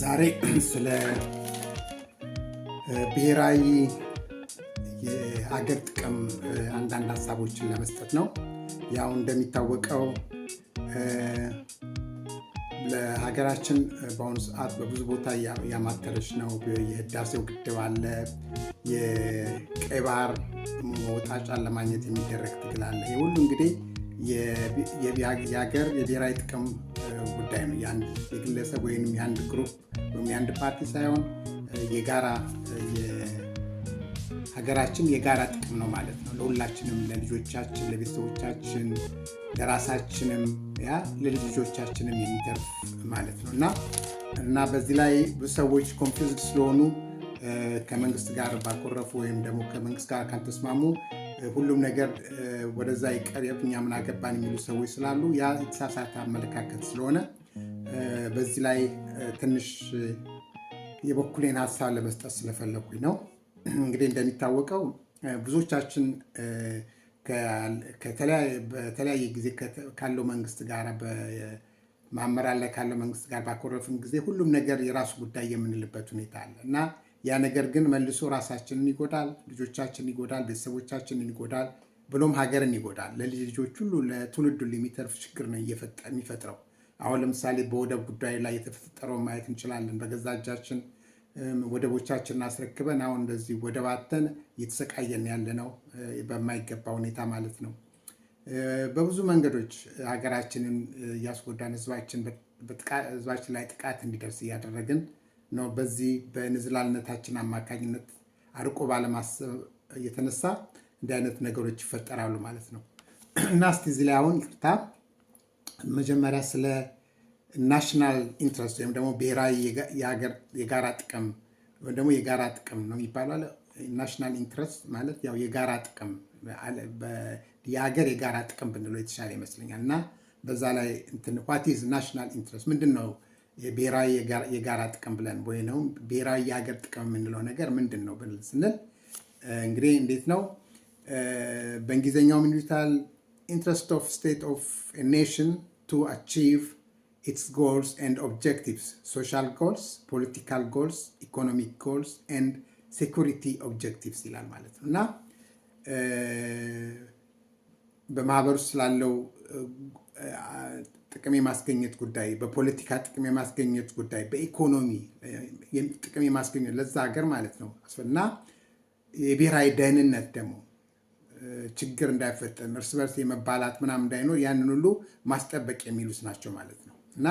ዛሬ ስለ ብሔራዊ የሀገር ጥቅም አንዳንድ ሀሳቦችን ለመስጠት ነው። ያው እንደሚታወቀው ለሀገራችን በአሁኑ ሰዓት በብዙ ቦታ ያማተረች ነው። የህዳሴው ግድብ አለ፣ የቀይ ባህር መውጣጫን ለማግኘት የሚደረግ ትግል አለ። ይህ ሁሉ እንግዲህ የሀገር የብሔራዊ ጥቅም ጉዳይ ነው። የአንድ የግለሰብ ወይም የአንድ ግሩፕ ወይም የአንድ ፓርቲ ሳይሆን የጋራ ሀገራችን የጋራ ጥቅም ነው ማለት ነው። ለሁላችንም፣ ለልጆቻችን፣ ለቤተሰቦቻችን፣ ለራሳችንም ያ ለልጅ ልጆቻችንም የሚተርፍ ማለት ነው እና እና በዚህ ላይ ብዙ ሰዎች ኮንፊውዝድ ስለሆኑ ከመንግስት ጋር ባኮረፉ ወይም ደግሞ ከመንግስት ጋር ካልተስማሙ ሁሉም ነገር ወደዛ ይቀርብ እኛ ምን አገባን የሚሉ ሰዎች ስላሉ ያ የተሳሳተ አመለካከት ስለሆነ በዚህ ላይ ትንሽ የበኩሌን ሀሳብ ለመስጠት ስለፈለኩኝ ነው። እንግዲህ እንደሚታወቀው ብዙዎቻችን በተለያየ ጊዜ ካለው መንግስት ጋር በማመራር ላይ ካለው መንግስት ጋር ባኮረፍን ጊዜ ሁሉም ነገር የራሱ ጉዳይ የምንልበት ሁኔታ አለ እና ያ ነገር ግን መልሶ ራሳችንን ይጎዳል፣ ልጆቻችንን ይጎዳል፣ ቤተሰቦቻችንን ይጎዳል፣ ብሎም ሀገርን ይጎዳል። ለልጅ ልጆች ሁሉ ለትውልድ ሁሉ የሚተርፍ ችግር ነው የሚፈጥረው። አሁን ለምሳሌ በወደብ ጉዳይ ላይ የተፈጠረውን ማየት እንችላለን። በገዛ እጃችን ወደቦቻችንን አስረክበን አሁን እንደዚህ ወደባተን እየተሰቃየን ያለ ነው፣ በማይገባ ሁኔታ ማለት ነው። በብዙ መንገዶች ሀገራችንን እያስጎዳን ህዝባችን ላይ ጥቃት እንዲደርስ እያደረግን ነው። በዚህ በንዝላልነታችን አማካኝነት አርቆ ባለማሰብ የተነሳ እንዲህ አይነት ነገሮች ይፈጠራሉ ማለት ነው። እና እስቲ እዚህ ላይ አሁን ይቅርታ መጀመሪያ ስለ ናሽናል ኢንትረስት ወይም ደግሞ ብሔራዊ የጋራ ጥቅም ወይም ደግሞ የጋራ ጥቅም ነው የሚባለው። ናሽናል ኢንትረስት ማለት ያው የጋራ ጥቅም የሀገር የጋራ ጥቅም ብንለው የተሻለ ይመስለኛል። እና በዛ ላይ ዋት ኢዝ ናሽናል ኢንትረስት ምንድን ነው? የብሔራዊ የጋራ ጥቅም ብለን ወይም ብሔራዊ የሀገር ጥቅም የምንለው ነገር ምንድን ነው ብለን ስንል እንግዲህ እንዴት ነው በእንግሊዝኛው ምን ይሉታል? ኢንትረስት ኦፍ ስቴት ኦፍ ኔሽን ቱ አቺቭ ኢትስ ጎልስ ኤንድ ኦብጀክቲቭስ ሶሻል ጎልስ፣ ፖለቲካል ጎልስ፣ ኢኮኖሚክ ጎልስ ኤንድ ሴኩሪቲ ኦብጀክቲቭስ ይላል ማለት ነው እና በማህበር ውስጥ ስላለው ጥቅም የማስገኘት ጉዳይ፣ በፖለቲካ ጥቅም የማስገኘት ጉዳይ፣ በኢኮኖሚ ጥቅም የማስገኘት ለዛ ሀገር ማለት ነው እና የብሔራዊ ደህንነት ደግሞ ችግር እንዳይፈጠም እርስ በርስ የመባላት ምናምን እንዳይኖር ያንን ሁሉ ማስጠበቅ የሚሉት ናቸው ማለት ነው እና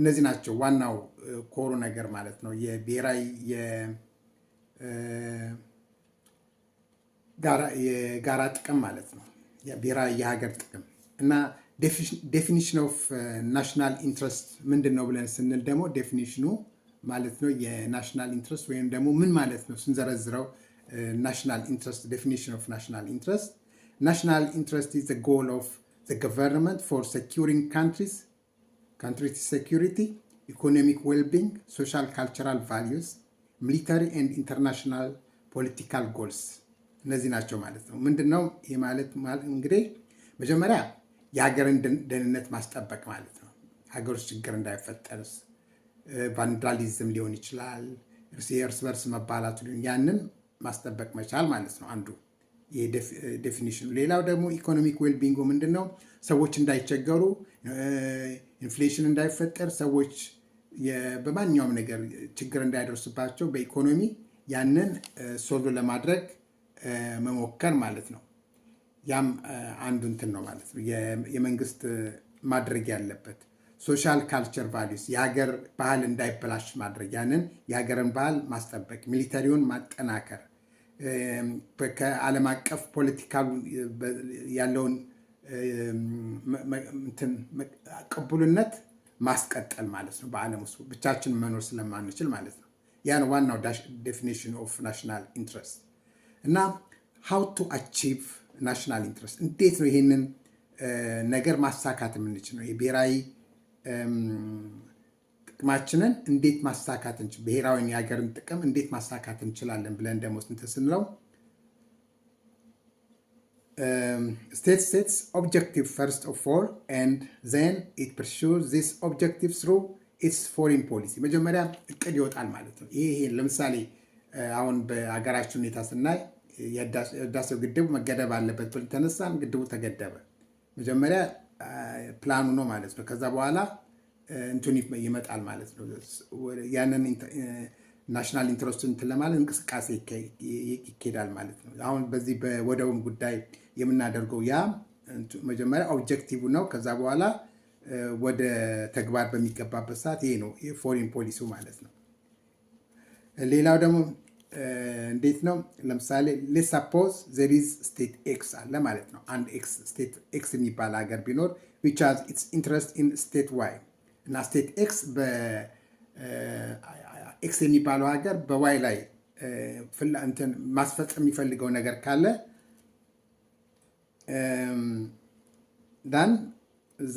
እነዚህ ናቸው ዋናው ኮሩ ነገር ማለት ነው የብሔራዊ የጋራ ጥቅም ማለት ነው ብሔራዊ የሀገር ጥቅም እና ዴፊኒሽን ኦፍ ናሽናል ኢንትረስት ምንድን ነው ብለን ስንል ደግሞ ዴፊኒሽኑ ማለት ነው የናሽናል ኢንትረስት ወይም ደግሞ ምን ማለት ነው ስንዘረዝረው ናሽናል ኢንትረስት ዴፊኒሽን ኦፍ ናሽናል ኢንትረስት ናሽናል ኢንትረስት ኢዝ ጎል ኦፍ ዘ ገቨርንመንት ፎር ሰኪሪንግ ካንትሪስ ካንትሪስ ሴኪሪቲ ኢኮኖሚክ ዌልቢንግ ሶሻል ካልቸራል ቫሊዩስ ሚሊታሪ ኤንድ ኢንተርናሽናል ፖለቲካል ጎልስ እነዚህ ናቸው ማለት ነው። ምንድን ነው ይህ ማለት እንግዲህ መጀመሪያ የሀገርን ደህንነት ማስጠበቅ ማለት ነው። ሀገር ውስጥ ችግር እንዳይፈጠር ቫንዳሊዝም ሊሆን ይችላል፣ እርስ በርስ መባላቱ ሊሆን ያንን ማስጠበቅ መቻል ማለት ነው አንዱ ዴፊኒሽኑ። ሌላው ደግሞ ኢኮኖሚክ ዌልቢንጉ ምንድን ነው? ሰዎች እንዳይቸገሩ፣ ኢንፍሌሽን እንዳይፈጠር፣ ሰዎች በማንኛውም ነገር ችግር እንዳይደርስባቸው በኢኮኖሚ ያንን ሶልቭ ለማድረግ መሞከር ማለት ነው። ያም አንዱ እንትን ነው ማለት ነው የመንግስት ማድረግ ያለበት ሶሻል ካልቸር ቫሊዩስ የሀገር ባህል እንዳይበላሽ ማድረግ ያንን የሀገርን ባህል ማስጠበቅ፣ ሚሊተሪውን ማጠናከር፣ ከዓለም አቀፍ ፖለቲካ ያለውን ቅቡልነት ማስቀጠል ማለት ነው። በዓለም ውስጥ ብቻችን መኖር ስለማንችል ማለት ነው። ያን ዋናው ዴፊኒሽን ኦፍ ናሽናል ኢንትረስት እና ሃው ቱ አቺቭ ናሽናል ኢንትረስት እንዴት ነው ይሄንን ነገር ማሳካት የምንችለው? የብሔራዊ ጥቅማችንን እንዴት ማሳካት እንችል ብሔራዊን የሀገርን ጥቅም እንዴት ማሳካት እንችላለን ብለን ደግሞ እንትን ስንለው ስቴት ስቴትስ ኦብጀክቲቭ ፈርስት ኦፍ ኦል ኤንድ ዘን ኢት ፐርሱዝ ዚስ ኦብጀክቲቭ ስሩ ኢትስ ፎሪን ፖሊሲ መጀመሪያ እቅድ ይወጣል ማለት ነው። ይሄ ለምሳሌ አሁን በሀገራችን ሁኔታ ስናይ የህዳሴው ግድብ መገደብ አለበት ብል ተነሳን። ግድቡ ተገደበ። መጀመሪያ ፕላኑ ነው ማለት ነው። ከዛ በኋላ እንትን ይመጣል ማለት ነው። ያንን ናሽናል ኢንትረስት እንትን ለማለት እንቅስቃሴ ይካሄዳል ማለት ነው። አሁን በዚህ በወደቡም ጉዳይ የምናደርገው ያ መጀመሪያ ኦብጀክቲቭ ነው። ከዛ በኋላ ወደ ተግባር በሚገባበት ሰዓት ይሄ ነው የፎሪን ፖሊሲው ማለት ነው። ሌላው ደግሞ Eh, እንዴት ነው? ለምሳሌ ሌሳፖዝ ዘሪዝ ስቴት ኤክስ አለ ማለት ነው። አንድ ስቴት ኤክስ የሚባል ሀገር ቢኖር ዊች ሃዝ ኢትስ ኢንትረስት ኢን ስቴት ዋይ እና ስቴት ኤክስ በኤክስ የሚባለው ሀገር በዋይ ላይ eh, እንትን ማስፈጸም የሚፈልገው ነገር ካለ ዳን ዘ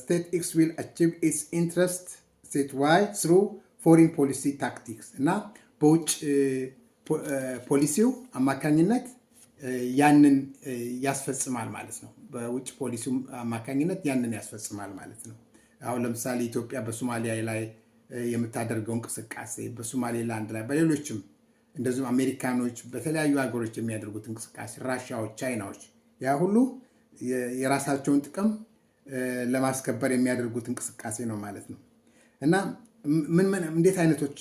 ስቴት ኤክስ ዊል አቺቭ ኢትስ ኢንትረስት ስቴት ዋይ ስሩ ፎሪን ፖሊሲ ታክቲክስ እና በውጭ ፖሊሲው አማካኝነት ያንን ያስፈጽማል ማለት ነው። በውጭ ፖሊሲው አማካኝነት ያንን ያስፈጽማል ማለት ነው። አሁን ለምሳሌ ኢትዮጵያ በሶማሊያ ላይ የምታደርገው እንቅስቃሴ በሶማሌላንድ ላይ በሌሎችም እንደዚሁም አሜሪካኖች በተለያዩ ሀገሮች የሚያደርጉት እንቅስቃሴ፣ ራሻዎች፣ ቻይናዎች ያ ሁሉ የራሳቸውን ጥቅም ለማስከበር የሚያደርጉት እንቅስቃሴ ነው ማለት ነው እና ምን ምን እንዴት አይነቶች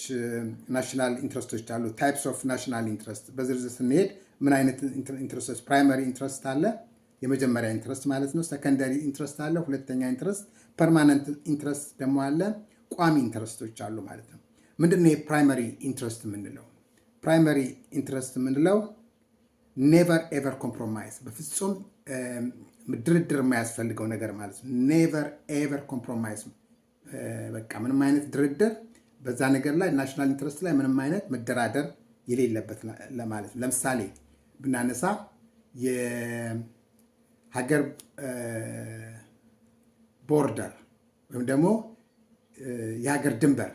ናሽናል ኢንትረስቶች አሉ? ታይፕስ ኦፍ ናሽናል ኢንትረስት በዝርዝር ስንሄድ ምን አይነት ኢንትረስቶች? ፕራይመሪ ኢንትረስት አለ፣ የመጀመሪያ ኢንትረስት ማለት ነው። ሰከንደሪ ኢንትረስት አለ፣ ሁለተኛ ኢንትረስት። ፐርማነንት ኢንትረስት ደግሞ አለ፣ ቋሚ ኢንትረስቶች አሉ ማለት ነው። ምንድን ነው የፕራይመሪ ኢንትረስት የምንለው? ፕራይመሪ ኢንትረስት የምንለው ኔቨር ኤቨር ኮምፕሮማይዝ፣ በፍጹም ድርድር የማያስፈልገው ነገር ማለት ነው። ኔቨር ኤቨር ኮምፕሮማይዝ በቃ ምንም አይነት ድርድር በዛ ነገር ላይ ናሽናል ኢንትረስት ላይ ምንም አይነት መደራደር የሌለበት ለማለት ነው። ለምሳሌ ብናነሳ የሀገር ቦርደር ወይም ደግሞ የሀገር ድንበር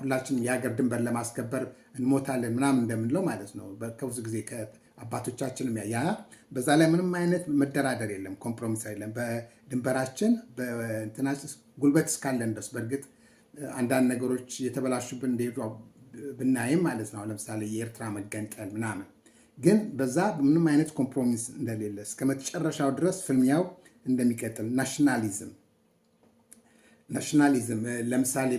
ሁላችንም የሀገር ድንበር ለማስከበር እንሞታለን ምናምን እንደምንለው ማለት ነው። ከብዙ ጊዜ አባቶቻችንም ያ በዛ ላይ ምንም አይነት መደራደር የለም፣ ኮምፕሮሚስ የለም። በድንበራችን በእንትናችን ጉልበት እስካለን ደስ በእርግጥ አንዳንድ ነገሮች የተበላሹብን እንደሄዱ ብናይም ማለት ነው። ለምሳሌ የኤርትራ መገንጠል ምናምን፣ ግን በዛ ምንም አይነት ኮምፕሮሚስ እንደሌለ እስከ መጨረሻው ድረስ ፍልሚያው እንደሚቀጥል ናሽናሊዝም ናሽናሊዝም ለምሳሌ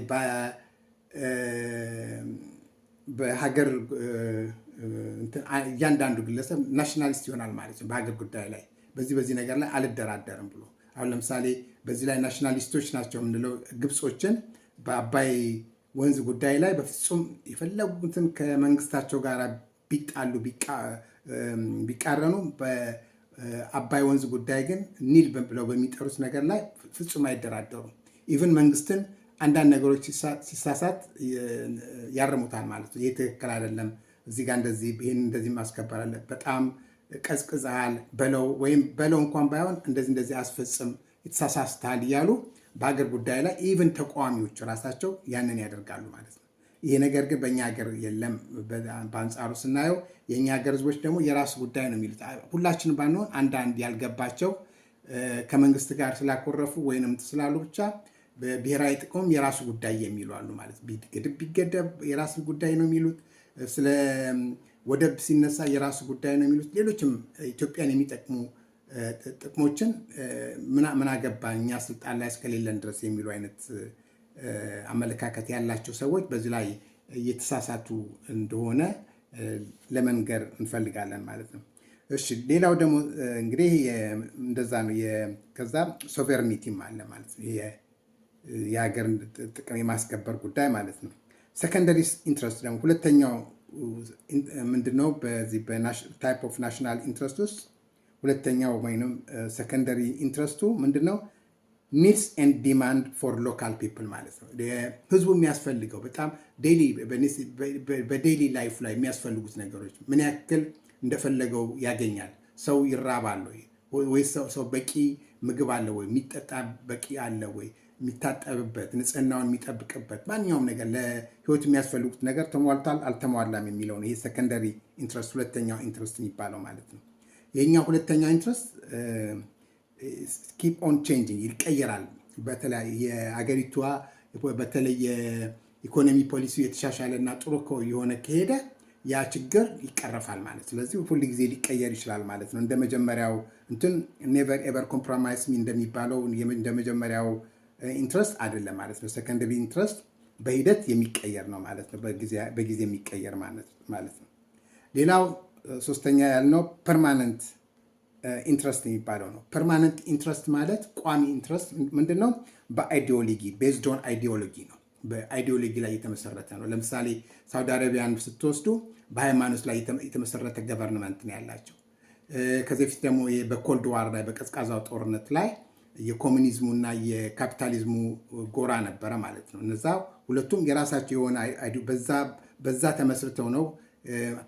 በሀገር እያንዳንዱ ግለሰብ ናሽናሊስት ይሆናል ማለት ነው። በሀገር ጉዳይ ላይ በዚህ በዚህ ነገር ላይ አልደራደርም ብሎ አሁን ለምሳሌ በዚህ ላይ ናሽናሊስቶች ናቸው የምንለው ግብጾችን በአባይ ወንዝ ጉዳይ ላይ በፍጹም የፈለጉትን ከመንግስታቸው ጋር ቢጣሉ ቢቃረኑ በአባይ ወንዝ ጉዳይ ግን ኒል ብለው በሚጠሩት ነገር ላይ ፍጹም አይደራደሩም። ኢቨን መንግስትን አንዳንድ ነገሮች ሲሳሳት ያርሙታል ማለት ነው። ይህ ትክክል አይደለም እዚህ ጋር እንደዚህ ይህን እንደዚህ ማስከበር አለ። በጣም ቀዝቅዝሃል በለው ወይም በለው እንኳን ባይሆን እንደዚህ እንደዚህ አስፈጽም የተሳሳስተሃል እያሉ በሀገር ጉዳይ ላይ ኢቨን ተቃዋሚዎች ራሳቸው ያንን ያደርጋሉ ማለት ነው። ይሄ ነገር ግን በእኛ ሀገር የለም። በአንጻሩ ስናየው የእኛ ሀገር ህዝቦች ደግሞ የራሱ ጉዳይ ነው የሚሉት። ሁላችን ባንሆን አንዳንድ ያልገባቸው ከመንግስት ጋር ስላኮረፉ ወይንም ስላሉ ብቻ ብሔራዊ ጥቅምም የራሱ ጉዳይ የሚሉ አሉ ማለት ግድብ ቢገደብ የራሱ ጉዳይ ነው የሚሉት ስለ ወደብ ሲነሳ የራሱ ጉዳይ ነው የሚሉት ሌሎችም ኢትዮጵያን የሚጠቅሙ ጥቅሞችን ምን አገባ እኛ ስልጣን ላይ እስከሌለን ድረስ የሚሉ አይነት አመለካከት ያላቸው ሰዎች በዚህ ላይ እየተሳሳቱ እንደሆነ ለመንገር እንፈልጋለን ማለት ነው። እሺ ሌላው ደግሞ እንግዲህ እንደዛ ነው። ከዛ ሶቨርኒቲም አለ ማለት ነው። የሀገር ጥቅም የማስከበር ጉዳይ ማለት ነው። ሰከንደሪ ኢንትረስት ደግሞ ሁለተኛው ምንድነው? በዚህ ታይፕ ኦፍ ናሽናል ኢንትረስት ውስጥ ሁለተኛው ወይም ሰከንደሪ ኢንትረስቱ ምንድነው? ኒድስ ኤንድ ዲማንድ ፎር ሎካል ፒፕል ማለት ነው። ህዝቡ የሚያስፈልገው በጣም በዴይሊ ላይፍ ላይ የሚያስፈልጉት ነገሮች ምን ያክል እንደፈለገው ያገኛል። ሰው ይራባል ወይ? ሰው በቂ ምግብ አለ ወይ? የሚጠጣ በቂ አለ ወይ? የሚታጠብበት ንጽህናውን የሚጠብቅበት ማንኛውም ነገር ለህይወት የሚያስፈልጉት ነገር ተሟልቷል አልተሟላም የሚለው ነው። ይሄ ሰከንደሪ ኢንትረስት ሁለተኛው ኢንትረስት የሚባለው ማለት ነው። የኛው ሁለተኛ ኢንትረስት ኪፕ ኦን ቼንጂንግ ይቀየራል። የሀገሪቷ የአገሪቷ በተለይ የኢኮኖሚ ፖሊሲ የተሻሻለ እና ጥሩ የሆነ ከሄደ ያ ችግር ይቀረፋል ማለት ስለዚህ ሁል ጊዜ ሊቀየር ይችላል ማለት ነው። እንደ መጀመሪያው እንትን ኔቨር ኤቨር ኮምፕሮማይስ እንደሚባለው እንደ መጀመሪያው ኢንትረስት አይደለም ማለት ነው። ሰከንደሪ ኢንትረስት በሂደት የሚቀየር ነው ማለት ነው። በጊዜ የሚቀየር ማለት ነው። ሌላው ሶስተኛ ያልነው ፐርማነንት ኢንትረስት የሚባለው ነው። ፐርማነንት ኢንትረስት ማለት ቋሚ ኢንትረስት ምንድን ነው? በአይዲዮሎጂ ቤዝድ ኦን አይዲዮሎጂ ነው። በአይዲዮሎጂ ላይ የተመሰረተ ነው። ለምሳሌ ሳውዲ አረቢያን ስትወስዱ በሃይማኖት ላይ የተመሰረተ ገቨርንመንት ነው ያላቸው። ከዚህ በፊት ደግሞ በኮልድ ዋር ላይ በቀዝቃዛው ጦርነት ላይ የኮሚኒዝሙና የካፒታሊዝሙ ጎራ ነበረ ማለት ነው። እነዛ ሁለቱም የራሳቸው የሆነ በዛ ተመስርተው ነው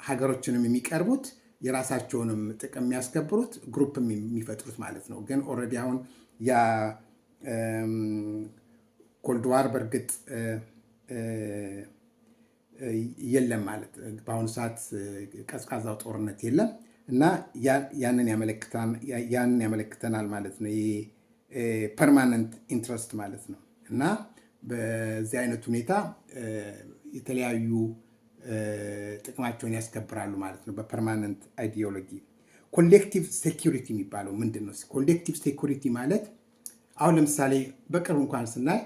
ሀገሮችንም የሚቀርቡት የራሳቸውንም ጥቅም የሚያስከብሩት ግሩፕ የሚፈጥሩት ማለት ነው። ግን ኦልሬዲ አሁን ያ ኮልድዋር በእርግጥ የለም ማለት በአሁኑ ሰዓት ቀዝቃዛው ጦርነት የለም እና ያንን ያመለክተናል ማለት ነው። ፐርማነንት ኢንትረስት ማለት ነው እና በዚህ አይነት ሁኔታ የተለያዩ ጥቅማቸውን ያስከብራሉ ማለት ነው። በፐርማነንት አይዲዮሎጂ ኮሌክቲቭ ሴኩሪቲ የሚባለው ምንድን ነው? ኮሌክቲቭ ሴኩሪቲ ማለት አሁን ለምሳሌ በቅርብ እንኳን ስናይ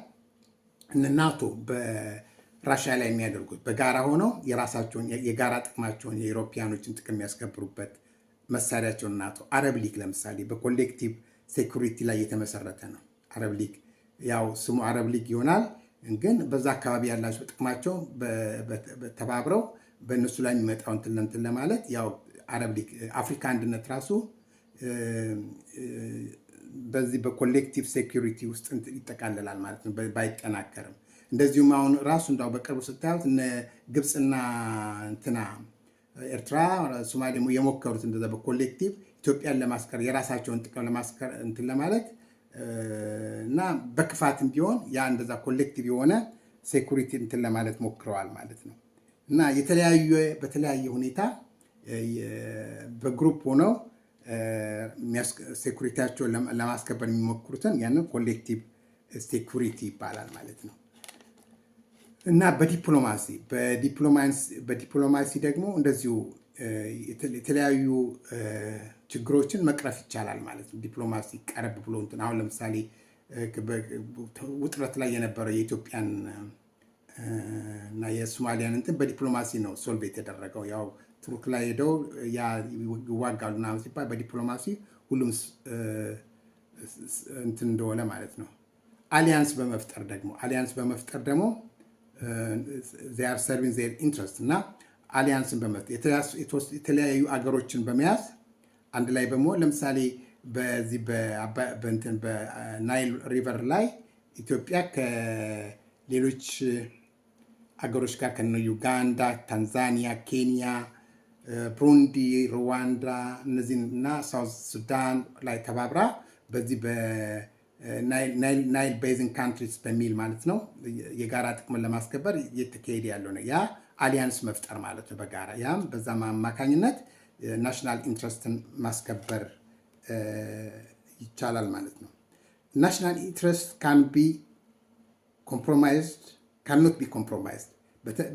እነ ናቶ በራሻ ላይ የሚያደርጉት በጋራ ሆነው የራሳቸውን የጋራ ጥቅማቸውን የኢሮፒያኖችን ጥቅም የሚያስከብሩበት መሳሪያቸውን ናቶ አረብ ሊግ ለምሳሌ በኮሌክቲቭ ሴኩሪቲ ላይ የተመሰረተ ነው። አረብ ሊግ ያው ስሙ አረብ ሊግ ይሆናል፣ ግን በዛ አካባቢ ያላቸው ጥቅማቸው ተባብረው በእነሱ ላይ የሚመጣው እንትን ለእንትን ለማለት ያው አረብ ሊግ አፍሪካ አንድነት ራሱ በዚህ በኮሌክቲቭ ሴኩሪቲ ውስጥ ይጠቃለላል ማለት ነው፣ ባይጠናከርም እንደዚሁም አሁን ራሱ እንዳው በቅርቡ ስታዩት እነ ግብፅና እንትና ኤርትራ ሶማሌ የሞከሩት እንደዛ በኮሌክቲቭ ኢትዮጵያን ለማስከር የራሳቸውን ጥቅም ለማስከር እንትን ለማለት እና በክፋትም ቢሆን ያ እንደዛ ኮሌክቲቭ የሆነ ሴኩሪቲ እንትን ለማለት ሞክረዋል ማለት ነው እና የተለያዩ በተለያየ ሁኔታ በግሩፕ ሆነው ሴኩሪቲያቸውን ለማስከበር የሚሞክሩትን ያንን ኮሌክቲቭ ሴኩሪቲ ይባላል ማለት ነው እና በዲፕሎማሲ በዲፕሎማሲ ደግሞ እንደዚሁ የተለያዩ ችግሮችን መቅረፍ ይቻላል ማለት ነው። ዲፕሎማሲ ቀረብ ብሎ እንትን አሁን ለምሳሌ ውጥረት ላይ የነበረው የኢትዮጵያን እና የሶማሊያን እንትን በዲፕሎማሲ ነው ሶልቭ የተደረገው። ያው ቱርክ ላይ ሄደው ያ ይዋጋሉ ና ሲባል በዲፕሎማሲ ሁሉም እንትን እንደሆነ ማለት ነው። አሊያንስ በመፍጠር ደግሞ አሊያንስ በመፍጠር ደግሞ ዚያር ሰርቪንግ ዜር ኢንትረስት እና አሊያንስን በመፍጠር የተለያዩ አገሮችን በመያዝ አንድ ላይ በመሆን ለምሳሌ በዚህ በእንትን በናይል ሪቨር ላይ ኢትዮጵያ ከሌሎች አገሮች ጋር ከነ ዩጋንዳ፣ ታንዛኒያ፣ ኬንያ፣ ብሩንዲ፣ ሩዋንዳ እነዚህን እና ሳውዝ ሱዳን ላይ ተባብራ በዚህ ናይል ቤዝን ካንትሪስ በሚል ማለት ነው የጋራ ጥቅምን ለማስከበር እየተካሄደ ያለው ነው ያ አሊያንስ መፍጠር ማለት ነው በጋራ ያም በዛ አማካኝነት ናሽናል ኢንትረስትን ማስከበር ይቻላል ማለት ነው። ናሽናል ኢንትረስት ካን ቢ ኮምፕሮማይዝድ ካንኖት ቢ ኮምፕሮማይዝድ።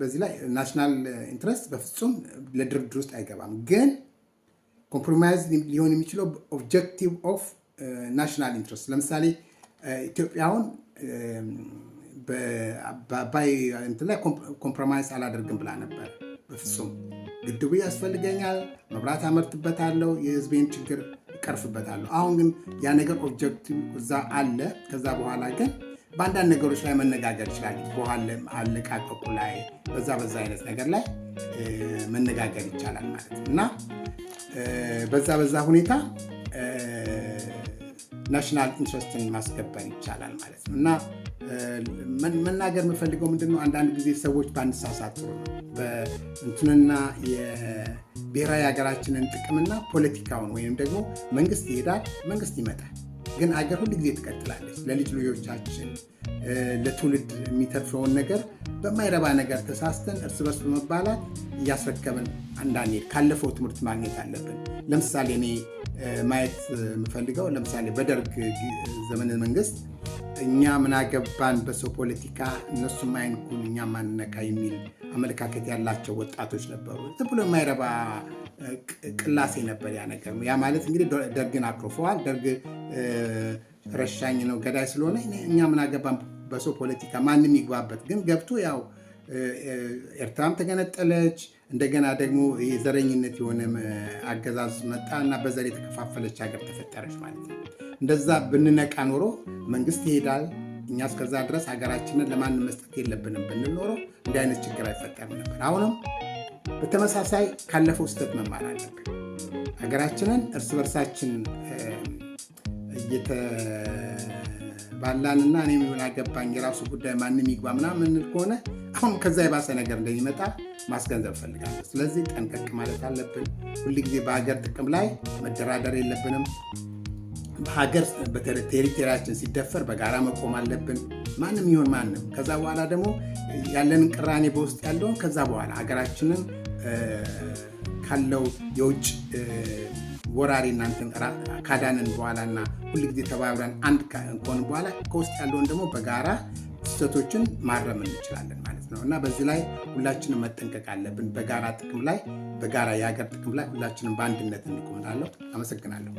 በዚህ ላይ ናሽናል ኢንትረስት በፍጹም ለድርድር ውስጥ አይገባም። ግን ኮምፕሮማይዝ ሊሆን የሚችለው ኦብጀክቲቭ ኦፍ ናሽናል ኢንትረስት ለምሳሌ ኢትዮጵያውን በአባይ እንትን ላይ ኮምፕሮማይዝ አላደርግም ብላ ነበር። በፍጹም ግድቡ ያስፈልገኛል፣ መብራት አመርትበታለሁ፣ የህዝቤን ችግር እቀርፍበታለሁ። አሁን ግን ያ ነገር ኦብጀክቲቭ እዛ አለ። ከዛ በኋላ ግን በአንዳንድ ነገሮች ላይ መነጋገር ይችላል። በኋላ አለቃቀቁ ላይ በዛ በዛ አይነት ነገር ላይ መነጋገር ይቻላል ማለት እና በዛ በዛ ሁኔታ ናሽናል ኢንትረስትን ማስከበር ይቻላል ማለት ነው እና መናገር የምፈልገው ምንድነው፣ አንዳንድ ጊዜ ሰዎች ባንሳሳት ጥሩ ነው። በእንትንና የብሔራዊ ሀገራችንን ጥቅምና ፖለቲካውን ወይም ደግሞ መንግስት ይሄዳል፣ መንግስት ይመጣል፣ ግን አገር ሁል ጊዜ ትቀጥላለች። ለልጅ ልጆቻችን ለትውልድ የሚተርፈውን ነገር በማይረባ ነገር ተሳስተን እርስ በርስ በመባላት እያስረከብን አንዳንድ ካለፈው ትምህርት ማግኘት አለብን። ለምሳሌ እኔ ማየት የምፈልገው ለምሳሌ በደርግ ዘመን መንግስት እኛ ምናገባን በሰው ፖለቲካ እነሱ ማይንኩን እኛ ማንነካ የሚል አመለካከት ያላቸው ወጣቶች ነበሩ። ዝም ብሎ የማይረባ ቅላሴ ነበር ያ ነገር። ያ ማለት እንግዲህ ደርግን አክሮፈዋል። ደርግ ረሻኝ ነው ገዳይ ስለሆነ እኛ ምናገባን በሰው ፖለቲካ ማንም ይግባበት። ግን ገብቶ ያው ኤርትራም ተገነጠለች እንደገና ደግሞ የዘረኝነት የሆነ አገዛዝ መጣ እና በዘር የተከፋፈለች ሀገር ተፈጠረች ማለት ነው። እንደዛ ብንነቃ ኖሮ መንግስት ይሄዳል፣ እኛ እስከዛ ድረስ ሀገራችንን ለማን መስጠት የለብንም ብንል እንዲህ አይነት ችግር አይፈጠርም ነበር። አሁንም በተመሳሳይ ካለፈው ስህተት መማር አለብን። ሀገራችንን እርስ በርሳችን ባላንና እኔ ምን አገባኝ የራሱ ጉዳይ ማንም ይግባ ምናምን ከሆነ አሁን ከዛ የባሰ ነገር እንደሚመጣ ማስገንዘብ እፈልጋለሁ። ስለዚህ ጠንቀቅ ማለት አለብን። ሁልጊዜ በሀገር ጥቅም ላይ መደራደር የለብንም። በሀገር ቴሪቶሪያችን ሲደፈር በጋራ መቆም አለብን። ማንም ይሆን ማንም። ከዛ በኋላ ደግሞ ያለንን ቅራኔ በውስጥ ያለውን ከዛ በኋላ ሀገራችንን ካለው የውጭ ወራሪ እናንተን ካዳንን በኋላ እና ጊዜ ተባብረን አንድ ከሆን በኋላ ከውስጥ ያለውን ደግሞ በጋራ ስህተቶችን ማረም እንችላለን ማለት ነው እና በዚህ ላይ ሁላችንም መጠንቀቅ አለብን። በጋራ ጥቅም ላይ በጋራ የሀገር ጥቅም ላይ ሁላችንም በአንድነት እንቆምላለሁ። አመሰግናለሁ።